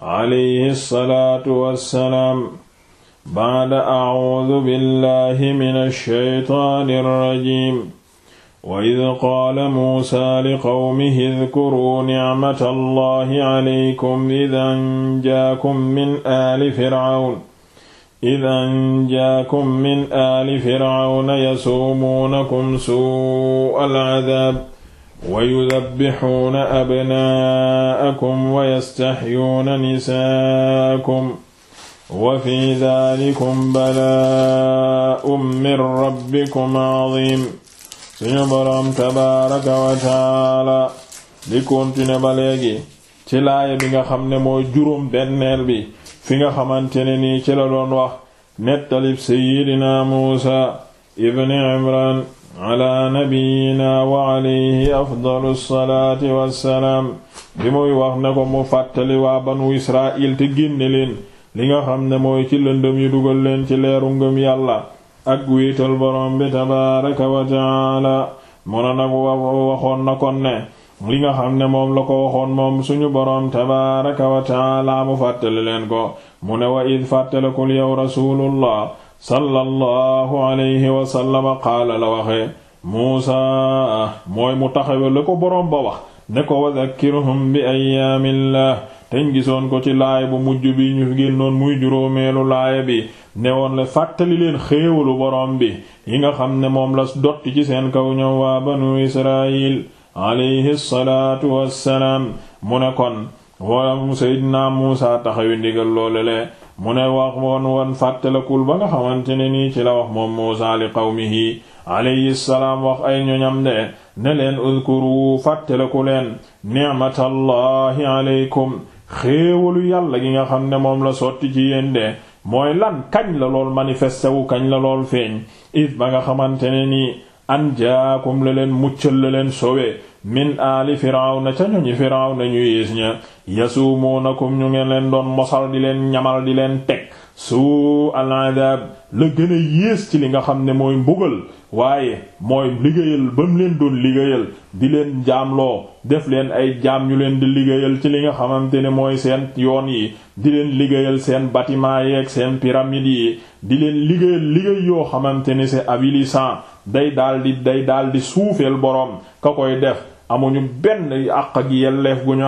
alayhi salaatu wassalaam baada acuudu billahi min alsheytaani alrajim wa id qaala muusa liqawmihi idkuruu nicmata allahi calaykum id anjaakum min aali fircawn id anjaakum min aali fircawna yasuumuunakum suu'a alcadaab wa yudabbixuuna abnaa'akum wa yastaxyuuna nisaakum wa fi daalikum balaa'un min rabbikum cadiim suñu boroom tabaaraka wa taala li continuer ba léegi ci laaya bi nga xam ne mooy juróom benneel bi fi nga xamante ne nii ci la doon wax nettalib seyyidina muusa ibn imran ala nabiyina wa alayhi afdalu salaati wassalaam bi muy wax ne ko mu fàttali waa banu israil te génne leen li nga xam ne mooy ci lëndëm yi dugal leen ci leeru ngëm yàlla ak wéetal borom bi tabaaraka wa taala mu ne nag waxoon na kon li nga xam ne moom la ko waxoon moom suñu boroom tabaaraka wa taala mu fàttali leen ko mu ne wa id fàttalikul yow rasuulullah sallallahu alayhi wa qaala la waxee muusa mooy mu taxawe la ko boroom ba wax ne ko wa dhakkirhum bi ayyaamillah teñ gisoon ko ci laay bu mujj bi ñu génnoon muy juróomeelu laaya bi ne newoon la fàttali leen xéewalu boroom bi yi nga xam ne moom la dotti ci seen kaw ñëw waa banu israil alayhi salaatu wassalaam mu ne kon wala sayyidina muusa taxawi ndigal loole le mu ne wax woon woon fàttalakul ba nga xamante ne nii ci la wax moom Muusaa li qawmihi alayhi salaam wax ay ñoñam de ne leen udkuru fàttalaku leen ni'matallahi alaykum xéewalu yàlla gi nga xam ne moom la sotti ci yéen de mooy lan kañ la lool manifesté wu kañ la lool feeñ if ba nga xamante ne nii anjaakum la leen muccal la leen sowe min aali firawna ca ñoñi firawna ñu yées ña ko ñu ngeen leen doon mosal di leen ñamal di leen teg su al la gën a yées ci li nga xam ne mooy mbugal waaye mooy liggéeyal ba mu leen doon liggéeyal di leen jaamloo def leen ay jaam ñu leen di liggéeyal ci li nga xamante ne mooy seen yoon yi di leen liggéeyal seen bâtiment yeeg seen pyramide yi di leen liggéeyal liggéey yoo xamante ne c'est avilissant day daal di day daal di suufeel boroom ka def amuñu benn àq ak yelleef gu ñu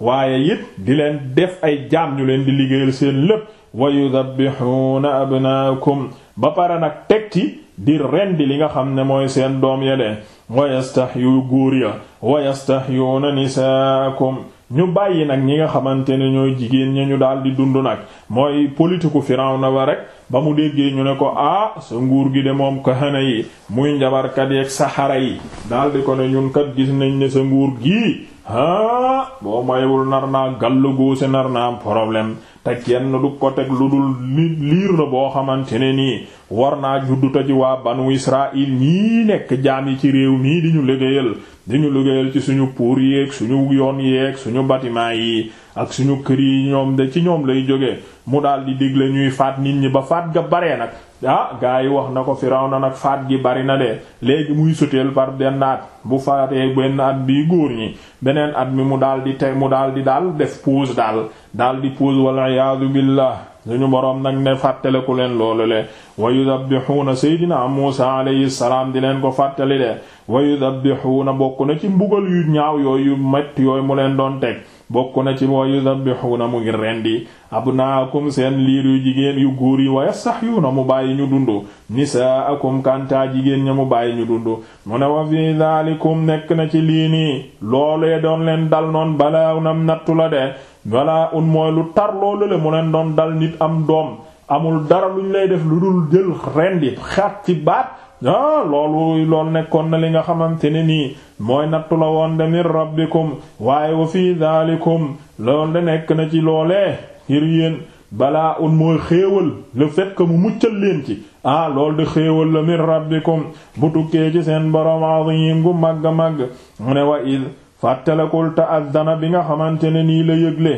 waaye it di leen def ay jaam ñu leen di liggéeyal seen lépp wa yudabbihuna abnaakum ba pare nag teg ci di rendi li nga xam ne mooy seen doom yelee wa yastahyu góor ya wa yastahyuuna nisaakum ñu bàyyi nag ñi nga xamante ne ñooy jigéen ña ñu daal di dund nag mooy politiku Firawna ba rek ba mu déggee ñu ne ko ah sa nguur gi de moom kahana yi muy njabarkat yeeg saxara yi daal di ko ne ñun kat gis nañ ne sa nguur gii ah boo maywul nar naa gàll góose nar naa am problème te kenn du ko teg lu dul liir la boo xamante ne nii war naa judduta ci waa banu Israil ñii nekk jaam yi ci réew mii di ñu liggéeyal di ñu liggéeyal ci suñu pour yeeg suñu yoon yéeg suñu bâtiment yi ak suñu kër yi ñoom de ci ñoom lay jóge mu daal di digle ñuy faat nit ñi ba faat ga baree nag ah gaa yi wax na ko Firawna nag faat gi bari na de léegi muy soteel par benn at bu faatee benn at bi góor ñi beneen at mi mu daal di tey mu daal di daal def pause daal daal di pause wala iyaadu billah suñu boroom nag ne fàttaleku leen loolu le wa yudabbihuuna seydina Muusa alayhi salaam di leen ko fàttali de wa yudabbihuuna bokk na ci mbugal yu ñaaw yooyu metti yooyu mu leen doon teg bokk na ci wa yudhabbihuna mu ngi rendi abnaakum seen liir yu jigéen yu góor yi way sax wa yastahyuuna mu bàyyi ñu dundu nisaakum kantaa jigéen ñi mu bàyyi ñu dundu mu ne wa fi dhalikum nekk na ci lii nii loolee doon leen dal noon balaa nam nattu la de balaa un mooy lu tar loolu le mu leen doon dal nit am doom amul dara luñ lay def lu dul jël rendi xat ci baat ah loolu loolu nekkoon na li nga xamante ne nii mooy nattu la woon de min rabbikum waaye wa fii daalikum loolu de nekk na ci loolee ngir yéen balaa un mooy xéewal le fait que mu muccal leen ci ah loolu di xéewal la min rabbikum bu tukkee ci seen borom azim gu màgg a màgg mu ne wa id fàttalikul ta'azzana bi nga xamante ne nii la yëgle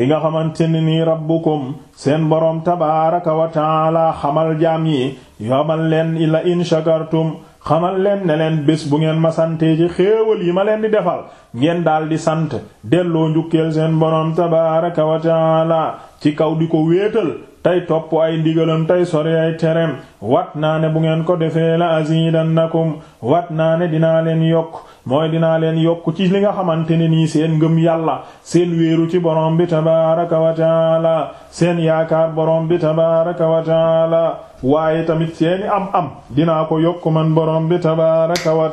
ki nga xamante ne nii rabbukum seen boroom tabaaraka wa taala xamal jaam yi xamal leen ila la shakartum xamal leen ne leen bés bu ngeen ma santee ci xéewal yi ma leen di defal ngeen daal di sant delloo njukkeel seen boroom tabaaraka wa taala ci kaw di ko wéetal tey topp ay ndigalam tey sori tereem wat naa ne bu ngeen ko defee la azidannakum wat naa ne dinaa leen yokk mooy dinaa leen yokk ci li nga xamante ne nii seen ngëm yàlla seen wéeru ci borom bi tabaraka wa taala seen yaakaar borom bi tabaraka wa taala tamit seeni am am dina ko yokk man borom bi tabaraka wa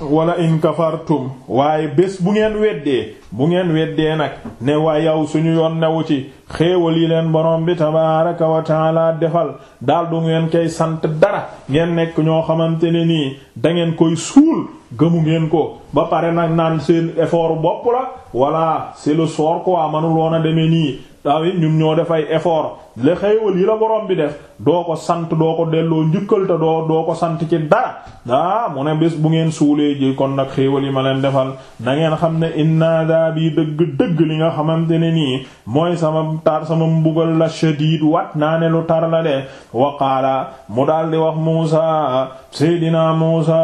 wala in kafartum waaye bés bu ngeen weddee bu ngeen weddee nag ne waa yow suñu yoon newu ci xéewal yi leen borom bi tabaaraka wa taala defal daal ngeen koy sant dara ngeen nekk ñoo xamante ne nii dangeen koy suul gëmu ngeen ko ba pare nag naan seen effort bopp la voilà c'est le sort quoi mënuloon a demee nii. tamit ñun ñoo def ay effort le yi la borom bi def doo ko sant doo ko delloo njukkal doo ko sant ci dara ah mu ne bés bu ngeen suulee ji kon nag xéewal yi ma leen defal na ngeen xam ne inna daabi dëgg dëgg li nga xamante ne nii mooy sama tar sama mbugal la shadiid wat naa ne lu tar la de waqaala mu daal di wax Muusa Seydina Muusa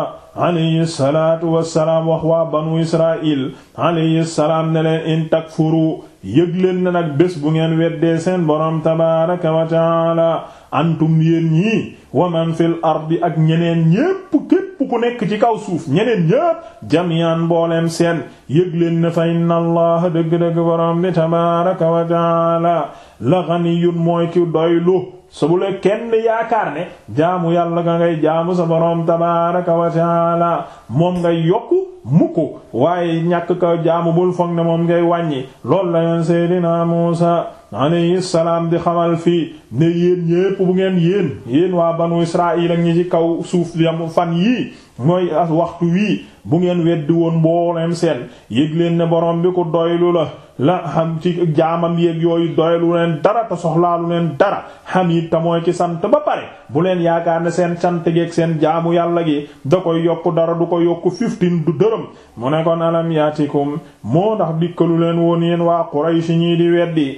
alayhi salaatu wassalaam wax waa banu Israa'iil alayhi salaam ne leen in takfuru yëg leen na nag bés bu ngeen weddee seen boroom tabaaraka wa taala antum yéen ñii wa man fil ardi ak ñeneen ñépp képp ku nekk ci kaw suuf ñeneen ñépp jamian mbooleem seen yëg leen na fa inna dëgg-dëgg boroom bi tabaaraka wa taala la ganiyun mooy ki doylu su bu la kenn yaakaar ne jaamu yàlla nga ngay jaamu sa boroom tabaaraka wa taala moom ngay yokku mukku waaye ñàkk ka jaamu bul foog ne moom ngay wàññi loolu la yoon Seydina Muusa alayhi salaam di xamal fii ne yéen ñépp bu ngeen yéen yéen waa banu Israaïl ak ñi ci kaw suuf yam fan yii mooy a waxtu wii bu ngeen weddi woon mbooleem seen yëg leen ne borom bi ko doylu la la xam ci jaamam yéeg yooyu doylu leen dara te soxlaalu leen dara xam it te mooy ci sant ba pare bu leen yaakaar ne seen sant geeg seen jaamu yàlla gi da koy yokku dara du ko yokku fiftin du dërëm mu ne kon alam yaatikum moo ndax dikkalu leen woon yéen waa Quraysh ñii di weddi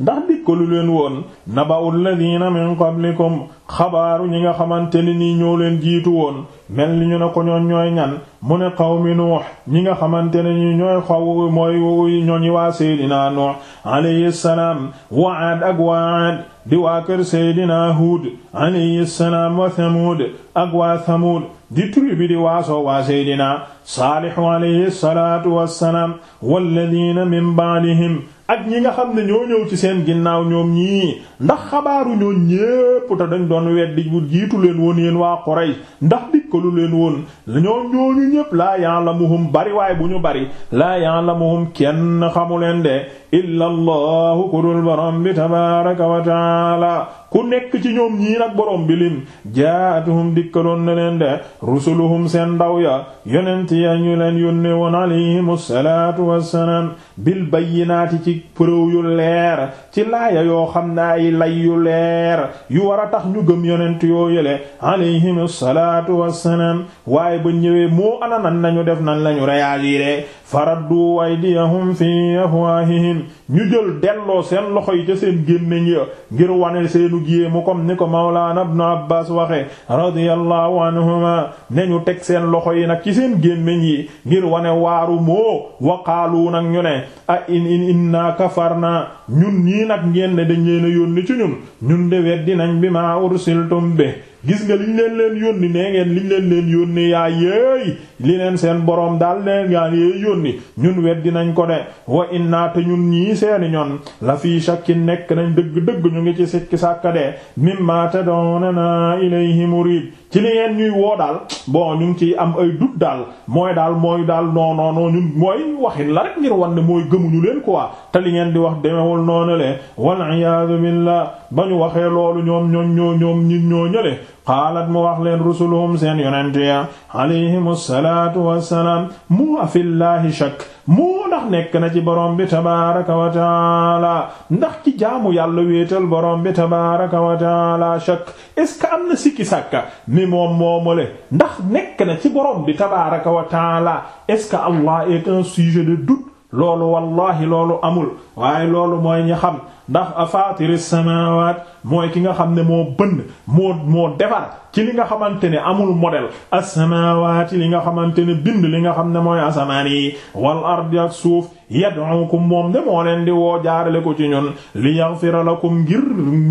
ndax dikkalu leen woon naba'ul ladina min qablikum xabaaru ñi nga xamante ne nii ñoo leen jiitu woon mel ni ñu ne ko ñoon ñooy ñan mu ne qawmi nuux ñi nga xamante ne ñi ñooy xaw mooy ñooñi waa seydinaa nuux alayhi salaam wa aad ak waa aad di waa kër seydinaa huud alayhi salaam wa thamuud ak waa thamuud di tribu bi di waasoo waa seydinaa saalihu alayhi salaatu wassalaam walladina min ba'dihim ak ñi nga xam ne ñoo ñëw ci seen ginnaaw ñoom ñii ndax xabaaru ñoo ñépp te dañ doon weddi bu jiitu leen woon yéen waa Quraysh ndax dikkalu leen woon ñoo ñooñu ñépp laa ya'lamuhum bari waaye bu ñu bari laa ya'lamuhum kenn xamuleen de illa allahu ku dul borom bi tabaaraka wa taala ku nekk ci ñoom ñii nag borom bi lim jaatuhum dikkaloon na leen de rusuluhum seen ndaw ya yonent ya ñu leen yónnee woon alayhimu salaatu wassalaam bil bayyinaati ci preuve yu leer ci laaya yoo xam naa ay yu leer yu war a tax ñu gëm yonent yoo yële alayhim salaatu wassalaam waaye ba ñëwee moo ana nan nañu def nan lañu réagir faraddu aydiyahum fi afwaahihim ñu jël delloo seen loxo yi ca seen gémmiñ ya ngir wane seenu géemu comme ni ko mawlaana ibnu abbaas waxe radiyallahu anhuma ne ñu teg seen loxo yi nag ci seen gémmiñ yi ngir wane waaru moo waqaalu nag ñu ne a in in inna kafarna ñun ñii nag ngeen ne dañ leen a yónni ci ñun ñun de weddi nañ bi maa ursiltum bi gis nga liñ leen leen yónni nee ngeen liñ leen leen yónni yaa yéey li leen seen boroom daal leen yaa yéey yónni ñun weddi nañ ko de wa inna te ñun ñii seeni ñoon la fii shakkin nekk nañ dëgg dëgg ñu ngi ci sikki sàkka de mimma tadunana ilayhi murib ci li ngeen ñuy woo daal bon ñu ngi ciy am ay dut daal mooy daal mooy daal non non non ñun mooy waxin la rek ngir wan mooy gëmuñu leen quoi te li ngeen di wax demewul noonu le wal iyaadu billah ba ñu waxee loolu ñoom ñoom ñoo ñoom ñit ñoo ñële xaalat mu wax leen rusuluhum seen yonent ya alayhimu salaatu wassalaam mu afillaahi shakk mu ndax nekk na ci borom bi tabaaraka wa taala ndax ci jaamu yàlla wéetal borom bi tabaaraka wa taala shakk est-ce que am na sikki sàkka mi moom moomale ndax nekk na ci borom bi tabaaraka wa taala est-ce que Allah est un sujet de doute loolu wallahi loolu amul waaye loolu mooy ñi xam ndax afaatiri samaawaat mooy ki nga xam ne moo bënn moo moo defar ci li nga xamante ne amul modèle as-samaawaati li nga xamante ni bind li nga xam ne mooy asamaan yi wal ardi ak suuf yad'ukum moom de moo leen di woo jaarale ko ci ñun li yaghfira lakum ngir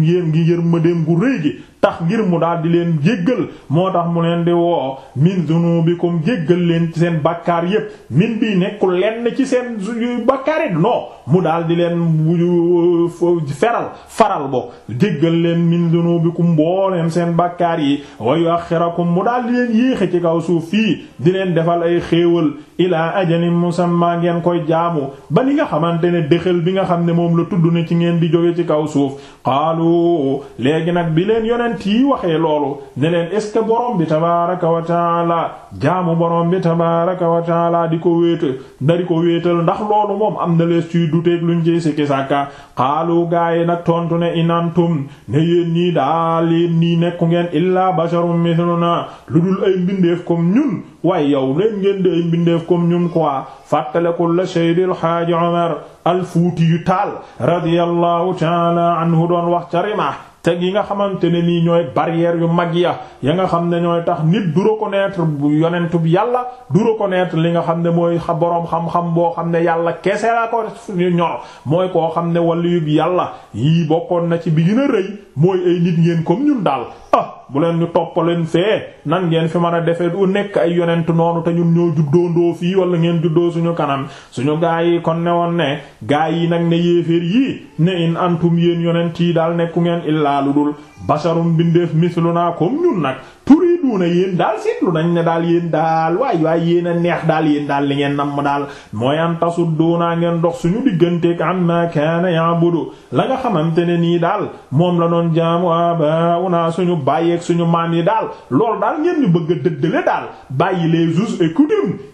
ngir ngir yërmandeem gu réy gi tax ngir mu daal di leen jéggal moo tax mu leen di woo min dunubikum jéggal leen ci seen bakkaar yépp min bi nekkul lenn ci seen bakkaar yi non mu daal di leen euh, feral faral bo jéggal leen min dunubikum mbooleem seen bakkaar yi wa yuaxirakum mu daal di leen yéexe ci kaw suuf fii di leen defal ay xéewal ilaa ajalin musamma ngeen koy jaamu ba ni nga xamante ne déxal bi nga xam ne moom la tudd ne ci ngeen di jóge ci kaw suuf qaalu léegi nag bi leen yonent yi waxee loolu ne leen est-ce que borom bi tabaaraka wa taala jaamu borom bi tabaaraka wa taala di ko wéetal ndari ko wéetal ndax loolu moom am na lees ciy duteeg luñ ciy sikki sàkka xaalu gaa yi nag tontu ne inantum ne yéen daal yéen nekku ngeen illaa basharum mithluna lu dul ay mbindeef comme ñun waaye yow leen ngeen ay mbindeef comme ñun quoi fàttalekul la Seydil Haaji Omar al yu taal radiyallahu taala anhu doon wax ca Rimah te yi nga xamante ne nii ñooy barrière yu mag ya ya nga xam ne ñooy tax nit du reconnaître bu yonentu bi yàlla du reconnaître li nga xam ne mooy xa boroom xam-xam boo xam ne yàlla kese la ko ñu ñor mooy koo xam ne wàllu yàlla yii bokkoon na ci bi gën a rëy mooy ay nit ngeen comme ñun daal ah, bu leen ñu toppaleen fee nan ngeen fi mën a defee du nekk ay yonent noonu te ñun ñoo juddoondoo fii wala ngeen juddoo suñu kanam suñu gaa yi kon ne woon ne gaa yi nag ne yéeféer yii ne in antum yéen yonent yi daal nekku ngeen illaa lu dul basharum bindeef misluna comme ñun nag turiduuna yéen daal seetlu nañ ne daal yéen daal waay waay yéen a neex daal yéen daal li ngeen namm daal mooy an tasudduuna ngeen dox suñu digganteeg an ma kaana ya'budu la nga xamante ne nii daal moom la doon jaamu abauna suñu bàyyeeg suñu maam yi daal lool daal ngeen ñu bëgg a dëddale daal bàyyi les us et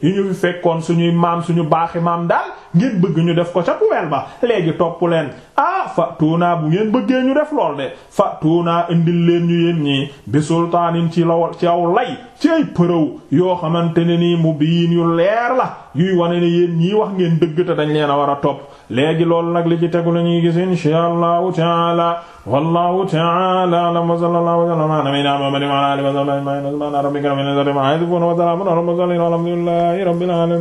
yi ñu fi fekkoon suñuy maam suñu baaxi maam daal ngeen bëgg ñu def ko ca poubelle ba léegi topp leen ah fa tuuna bu ngeen bëggee ñu def lool de fa tuuna indil leen ñu yéen ñii bi sultaanin ci law ci aw lay ci ay përëw yoo xamante ne nii mu biin yu leer la yuy wane ni yéen ñii wax ngeen dëgg ta dañ leen a war a topp léegi loolu nag li ci tegu la ñuy gis inshaa allahu taala wallahu taala alam wa sallallahu wa sallama ala nabiyyina muhammadin ala alihi wa ala al mursalin walhamdulillahi rabbil alamin